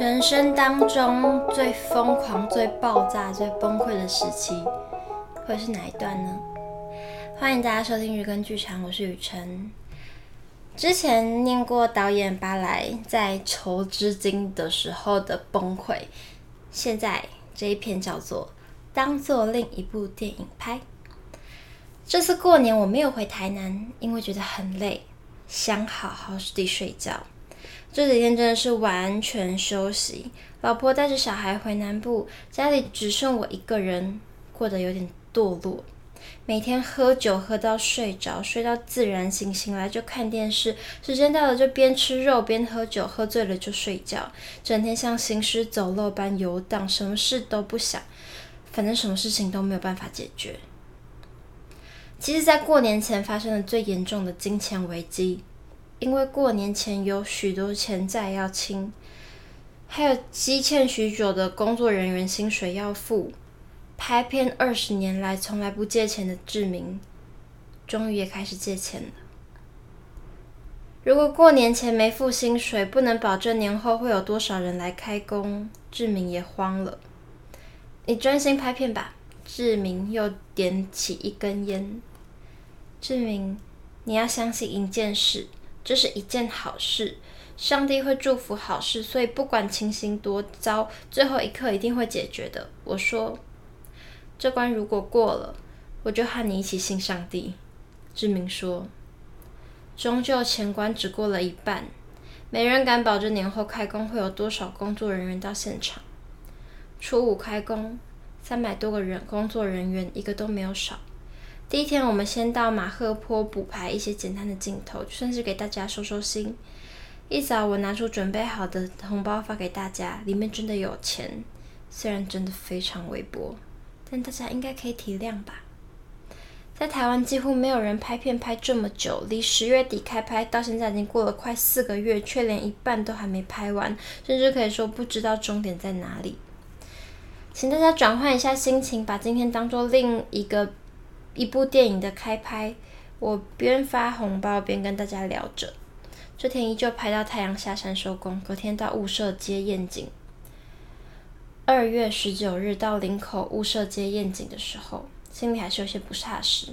人生當中最瘋狂、最爆炸、最崩潰的時期，會是哪一段呢？歡迎大家收聽日更劇場，我是雨辰。之前念過導演巴萊在籌資金的時候的崩潰，現在這一篇叫做“當作另一部電影拍”。這次過年我沒有回台南，因為覺得很累，想好好地睡覺。這幾天真的是完全休息，老婆帶着小孩回南部，家裡只剩我一個人，過得有點墮落。每天喝酒喝到睡着，睡到自然醒，醒來就看電視，時間到了就邊吃肉邊喝酒，喝醉了就睡覺，整天像行屍走肉般遊蕩，什麼事都不想，反正什麼事情都沒有辦法解決。其實在過年前發生了最嚴重的金錢危機。因為過年前有許多錢債要清，還有積欠許久的工作人員薪水要付。拍片二十年來從來不借錢的志明，終於也開始借錢了。如果過年前沒付薪水，不能保證年後會有多少人來開工，志明也慌了。你專心拍片吧，志明又點起一根煙。志明，你要相信一件事。這是一件好事，上帝會祝福好事，所以不管情形多糟，最後一刻一定會解決的。我說，這關如果過了，我就和你一起信上帝。志明說，終究前關只過了一半，沒人敢保證年後開工會有多少工作人員到現場。初五開工，三百多個人，工作人員一個都沒有少。第一天，我們先到馬赫坡補拍一些簡單的鏡頭，算是給大家收收心。一早，我拿出準備好的紅包發給大家，裡面真的有錢，雖然真的非常微薄，但大家應該可以體諒吧。在台灣，幾乎沒有人拍片拍這麼久，離十月底開拍到現在已經過了快四個月，卻連一半都還沒拍完，甚至可以說不知道終點在哪裡。請大家轉換一下心情，把今天當作另一個。一部電影的開拍，我邊發紅包邊跟大家聊着。這天依舊拍到太陽下山收工，隔天到霧社街宴景。二月十九日到林口霧社街宴景的時候，心裡還是有些不踏實。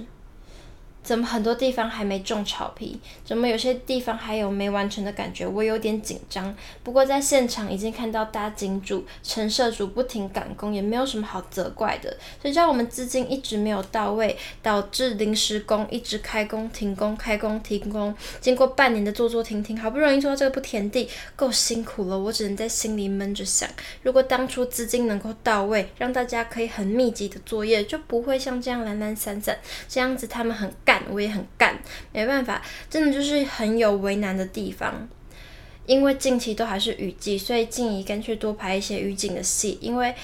怎麼很多地方還沒種草皮？怎麼有些地方還有沒完成的感覺？我有點緊張。不過在現場已經看到搭景組、陳設組不停趕工，也沒有什麼好責怪的。誰知道我們資金一直沒有到位，導致臨時工一直開工停工開工停工。經過半年的坐坐停停，好不容易做到這步田地，夠辛苦了。我只能在心裡悶着想：如果當初資金能夠到位，讓大家可以很密集的作業，就不會像這樣懶懶散散。這樣子他們很幹。我也很乾，沒辦法，真的就是很有為難的地方。因為近期都還是雨季，所以靜怡乾脆多拍一些雨景的戲，因為。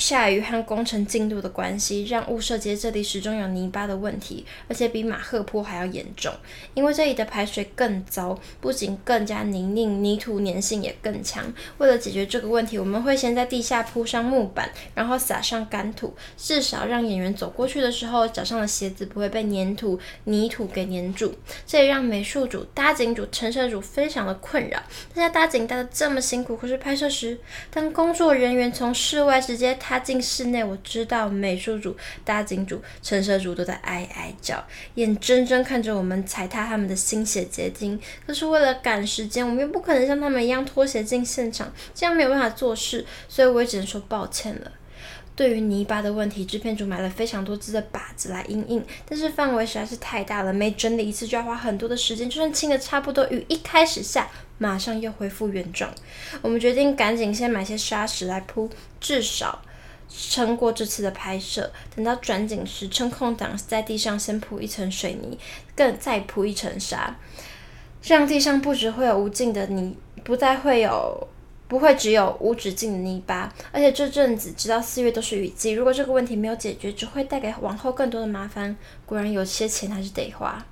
下雨和工程進度的關係，讓霧社街這裡始終有泥巴的問題，而且比馬赫坡還要嚴重。因為這裡的排水更糟，不僅更加泥濘，泥土粘性也更強。為了解決這個問題，我們會先在地下鋪上木板，然後撒上乾土，至少讓演員走過去的時候，腳上的鞋子不會被粘土、泥土給粘住。這也讓美術組、搭景組、陳設組非常的困擾。大家搭景搭得這麼辛苦，可是拍攝時，當工作人員從室外直接抬踏進室內，我知道美術組、搭景組、陳設組都在哀哀叫，眼睜睜看着我們踩踏他們的心血結晶。可是為了趕時間，我們又不可能像他們一樣拖鞋進現場，這樣沒有辦法做事，所以我也只能說抱歉了。對於泥巴的問題，製片組買了非常多支的耙子來印印，但是範圍實在是太大了，每整理一次就要花很多的時間。就算清得差不多，雨一開始下，馬上又恢復原狀。我們決定趕緊先買些砂石來鋪，至少。撐過這次的拍攝，等到轉景時，趁空檔在地上先鋪一層水泥，更再鋪一層沙，這樣地上不只會有無盡的泥，不再會有，不會只有無止境的泥巴。而且這陣子直到四月都是雨季，如果這個問題沒有解決，只會帶給往後更多的麻煩。果然有些錢還是得花。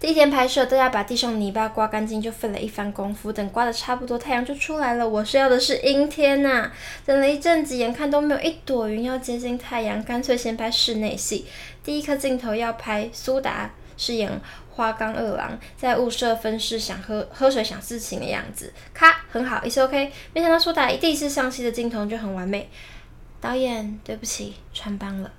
第一天拍攝，大家把地上泥巴刮乾淨，就費了一番功夫。等刮得差不多，太陽就出來了。我需要的是陰天吶、啊。等了一陣子，眼看都沒有一朵雲要接近太陽，乾脆先拍室內戲。第一顆鏡頭要拍蘇達飾演花岡二郎在霧社分室，想喝喝水、想事情的樣子。咔，很好，一次 OK。沒想到蘇達一定是上戲的鏡頭就很完美。導演，對不起，穿幫了。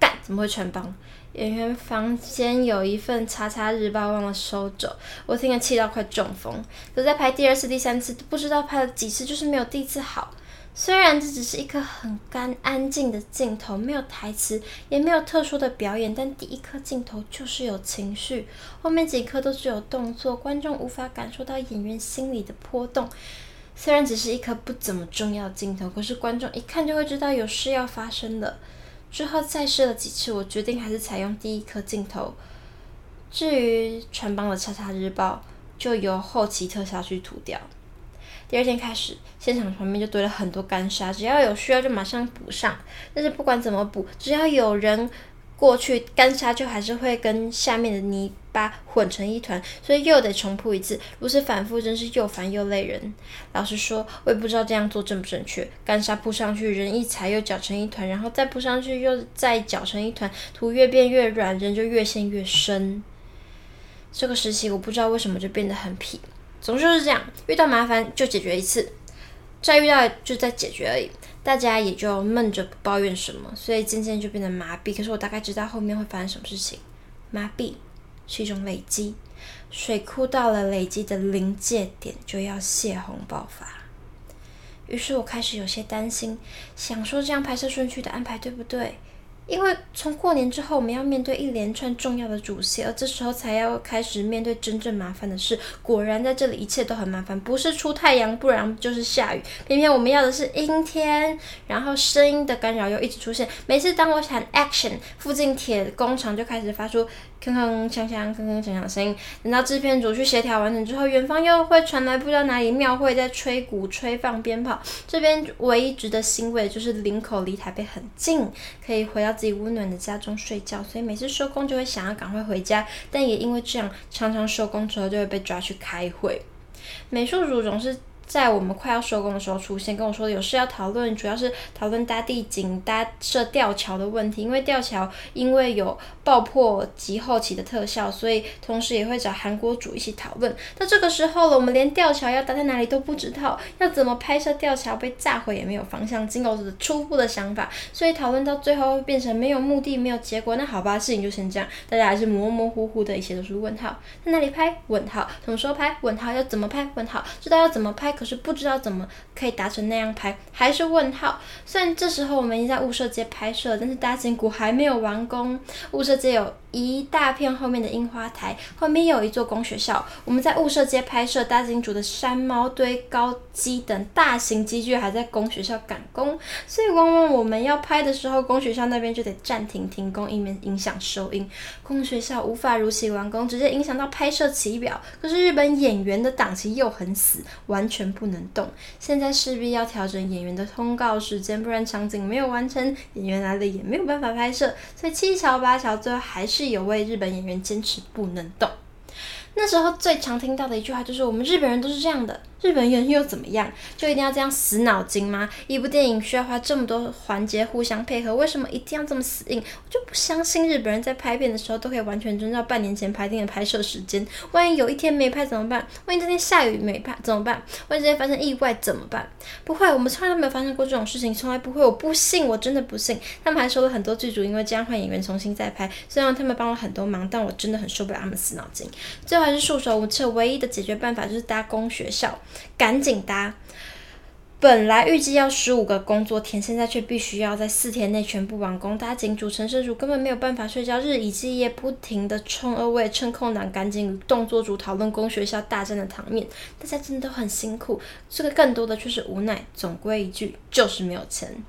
幹，怎麼會穿幫？演員房間有一份《叉叉日報》忘了收走，我聽了氣到快中風。都在拍第二次、第三次，都不知道拍了幾次，就是沒有第一次好。雖然這只是一顆很乾、安靜的鏡頭，沒有台詞，也沒有特殊的表演，但第一顆鏡頭就是有情緒。後面幾顆都是有動作，觀眾無法感受到演員心裡的波動。雖然只是一顆不怎麼重要鏡頭，可是觀眾一看就會知道有事要發生了。最後再試了幾次，我決定還是採用第一顆鏡頭。至於穿幫的《叉叉日報》，就由後期特效去塗掉。第二天開始，現場旁邊就堆了很多乾沙，只要有需要就馬上補上。但是不管怎麼補，只要有人過去，乾沙就還是會跟下面的泥。把混成一團，所以又得重鋪一次。如此反復，真是又煩又累人。老實說，我也不知道這樣做正不正確。乾沙鋪上去，人一踩又攪成一團，然後再鋪上去又再攪成一團，土越變越軟，人就越陷越深。這個時期，我不知道為什麼就變得很皮。總之就是這樣，遇到麻煩就解決一次，再遇到就再解決而已。大家也就悶着不抱怨什麼，所以漸漸就變得麻痹。可是我大概知道後面會發生什麼事情，麻痹。是一種累積，水庫到了累積的臨界點，就要洩洪爆發。於是我開始有些擔心，想說這樣拍攝順序的安排對不對？因為從過年之後，我們要面對一連串重要的主線，而這時候才要開始面對真正麻煩的事。果然在這裡一切都很麻煩，不是出太陽，不然就是下雨。偏偏我們要的是陰天，然後聲音的干擾又一直出現。每次當我喊 “action”，附近鐵工廠就開始發出鏗鏗鏘鏘、鏗鏗鏘鏘的聲音。等到製片組去協調完成之後，遠方又會傳來不知道哪裡廟會在吹鼓吹、放鞭炮。這邊唯一值得欣慰的就是林口離台北很近，可以回到。自己溫暖的家中睡覺，所以每次收工就會想要趕快回家，但也因為這樣，常常收工之後就會被抓去開會。美術組總是。在我們快要收工的時候出現，跟我說的有事要討論，主要是討論搭地景、搭設吊橋的問題。因為吊橋因為有爆破及後期的特效，所以同時也會找韓國組一起討論。到這個時候了，我們連吊橋要搭在哪裡都不知道，要怎麼拍攝吊橋被炸毀也沒有方向。僅有是初步的想法，所以討論到最後會變成沒有目的、沒有結果。那好吧，事情就先這樣，大家還是模模糊糊的，一些，都、就是問號。在哪裡拍？問號？什麼時候拍？問號？要怎麼拍？問號？知道要怎麼拍？可是不知道怎麼可以達成那樣拍，還是問號。雖然這時候我們已經在物色街拍攝，但是大金谷還沒有完工，物色街有。一大片後面的櫻花台，後面有一座公學校。我們在霧社街拍攝大金主的山貓堆高機等大型機具還在公學校趕工，所以往往我們要拍的時候，公學校那邊就得暫停停工，以免影響收音。公學校無法如期完工，直接影響到拍攝起表。可是日本演員的檔期又很死，完全不能動。現在勢必要調整演員的通告時間，不然場景沒有完成，演員來了也沒有辦法拍攝。所以七喬八喬，最後還是。有位日本演員堅持不能動。那時候最常聽到的一句話就是我們日本人都是這樣的，日本人又怎麼樣？就一定要這樣死腦筋嗎？一部電影需要花這麼多環節互相配合，為什麼一定要這麼死硬？我就不相信日本人在拍片的時候都可以完全遵照半年前拍定的拍攝時間。萬一有一天沒拍怎麼辦？萬一這天下雨沒拍怎麼辦？萬一這天發生意外怎麼辦？不會，我們從來都沒有發生過這種事情，從來不會，我不信，我真的不信。他們還收了很多劇組，因為這樣換演員重新再拍，雖然他們幫了很多忙，但我真的很受不了他們死腦筋。最後。但是束手無策，唯一的解決辦法就是搭公學校，趕緊搭！本來預計要十五個工作天，現在卻必須要在四天內全部完工。搭景組、陳設組根本沒有辦法睡覺，日以繼夜不停的衝。二位趁空檔趕緊與動作組討論公學校大戰的場面，大家真的都很辛苦。這個更多的就是無奈，總歸一句就是沒有錢。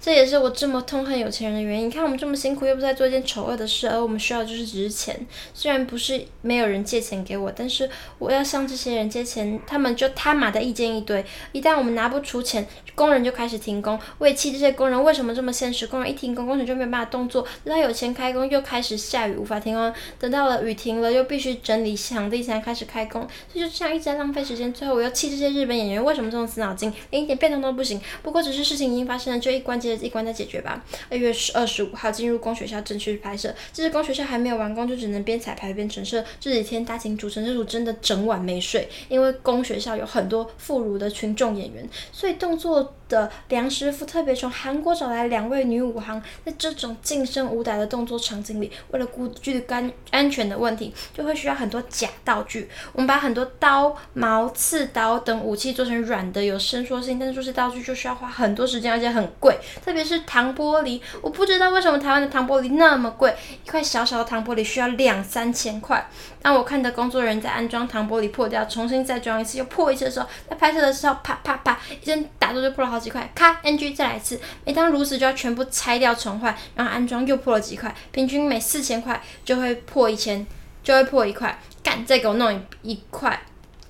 這也是我這麼痛恨有錢人的原因。你看我們這麼辛苦，又不在做一件醜惡的事，而我們需要的就是只是錢。雖然不是沒有人借錢給我，但是我要向這些人借錢，他們就他媽的意見一堆。一旦我們拿不出錢，工人就開始停工。我也氣這些工人為什麼這麼現實，工人一停工，工程就沒辦法動作。直到有錢開工，又開始下雨，無法停工。等到了雨停了，又必須整理場地才開始開工。所以就這樣一直在浪費時間。最後我又氣這些日本演員為什麼這麼死腦筋，連一點變動都不行。不過只是事情已經發生了，就一。一關接一關，再解決吧。二月十二十五號進入公學校正式拍攝，這是公學校還沒有完工，就只能邊彩排邊陳設。這幾天大型主成制組真的整晚沒睡，因為公學校有很多婦孺的群眾演員，所以動作的梁師傅特別從韓國找來兩位女武行。在這種近身武打的動作場景裡，為了顧劇幹安全的問題，就會需要很多假道具。我們把很多刀、矛、刺刀等武器做成軟的，有伸縮性，但是做些道具就需要花很多時間，而且很貴。特別是糖玻璃，我不知道為什麼台灣的糖玻璃那麼貴，一塊小小的糖玻璃需要兩三千塊。當我看的工作人員在安裝糖玻璃破掉，重新再裝一次又破一次的時候，在拍攝的時候啪啪啪一聲打中就破了好幾塊，咔 NG 再來一次。每當如此就要全部拆掉重換，然後安裝又破了幾塊，平均每四千塊就會破一千，就會破一塊。幹，再給我弄一一塊，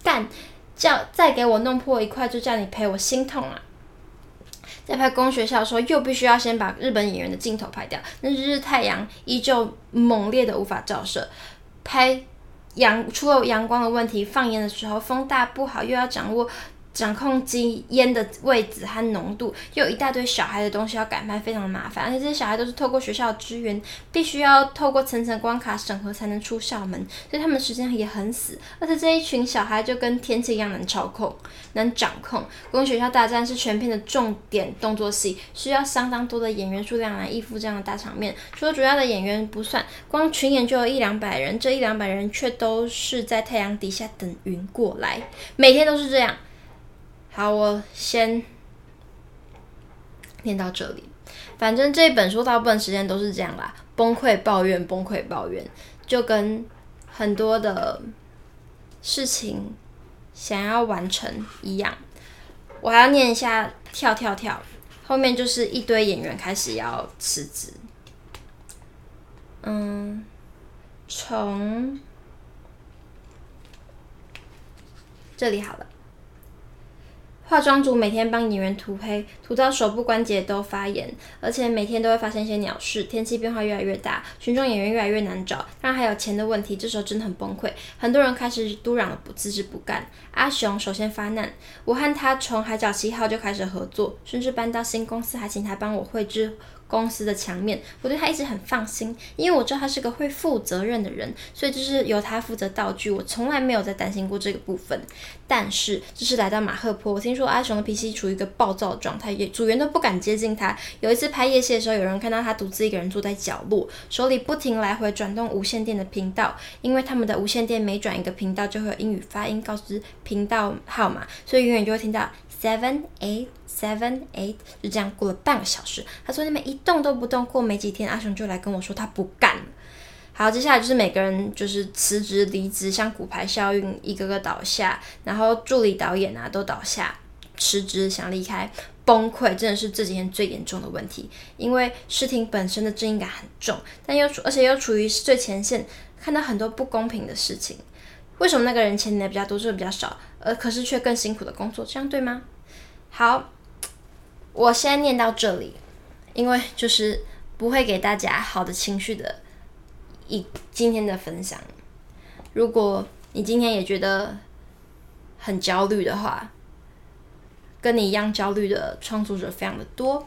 幹，叫再,再給我弄破一塊就叫你賠我心痛啊！在拍公學校的時候，又必須要先把日本演員的鏡頭拍掉。那日太陽依舊猛烈的無法照射，拍陽除了陽光的問題，放煙的時候風大不好，又要掌握。掌控機煙的位置和濃度，又有一大堆小孩的東西要趕拍，非常的麻煩。而且這些小孩都是透過學校的支援，必須要透過層層關卡審核才能出校門，所以他們時間也很死。而且這一群小孩就跟天氣一樣難操控、難掌控。光學校大戰是全片的重點動作戲，需要相當多的演員數量來應付這樣的大場面。除了主要的演員不算，光群演就有一兩百人，這一兩百人卻都是在太陽底下等雲過來，每天都是這樣。好，我先念到這裡。反正這本書大部分時間都是這樣啦，崩潰抱怨，崩潰抱怨，就跟很多的事情，想要完成一樣。我還要念一下，跳跳跳，後面就是一堆演員開始要辭職。嗯，從這裡好了。化妝組每天幫演員塗黑，塗到手部關節都發炎，而且每天都會發生一些鳥事。天氣變化越來越大，群眾演員越來越難找，當然還有錢的問題，這時候真的很崩潰。很多人開始嘟嚷了不自知，不幹。阿雄首先發難，我和他從海角七號就開始合作，甚至搬到新公司還請他幫我繪製。公司的牆面，我對他一直很放心，因為我知道他是個會負責任的人，所以就是由他負責道具，我從來沒有再擔心過這個部分。但是，就是來到馬赫坡，我聽說阿雄的脾氣處於一個暴躁的狀態也，組員都不敢接近他。有一次拍夜戲的時候，有人看到他獨自一個人坐在角落，手裡不停來回轉動無線電的頻道，因為他們的無線電每轉一個頻道就會有英語發音告知頻道號碼，所以遠遠就會聽到。Seven, eight, seven, eight，就這樣過了半個小時。他說你們一動都不動。過沒幾天，阿雄就來跟我說他不幹了。好，接下來就是每個人就是辭職離職，像骨牌效應，一個個個倒下，然後助理導演啊都倒下，辭職想離開，崩潰，真的是這幾天最嚴重的問題。因為事情本身的正義感很重，但又而且又處於最前線，看到很多不公平的事情。為什麼那個人錢的比較多，就比較少，而可是卻更辛苦的工作，這樣對嗎？好，我現在念到這裡，因為就是不會給大家好的情緒的一今天的分享。如果你今天也覺得很焦慮的話，跟你一樣焦慮的創作者非常的多。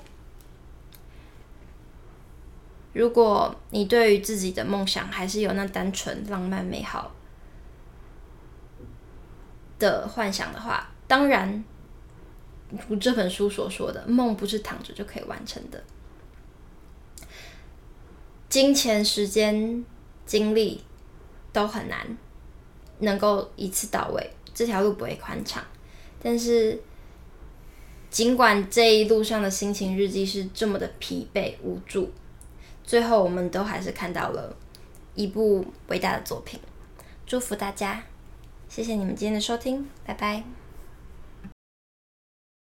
如果你對於自己的夢想還是有那單純、浪漫、美好的幻想的話，當然，如這本書所說的夢不是躺着就可以完成的，金錢、時間、精力都很難能夠一次到位。這條路不會寬敞，但是儘管這一路上的心情日記是這麼的疲憊無助，最後我們都還是看到了一部偉大的作品。祝福大家。謝謝你們今天的收聽，拜拜。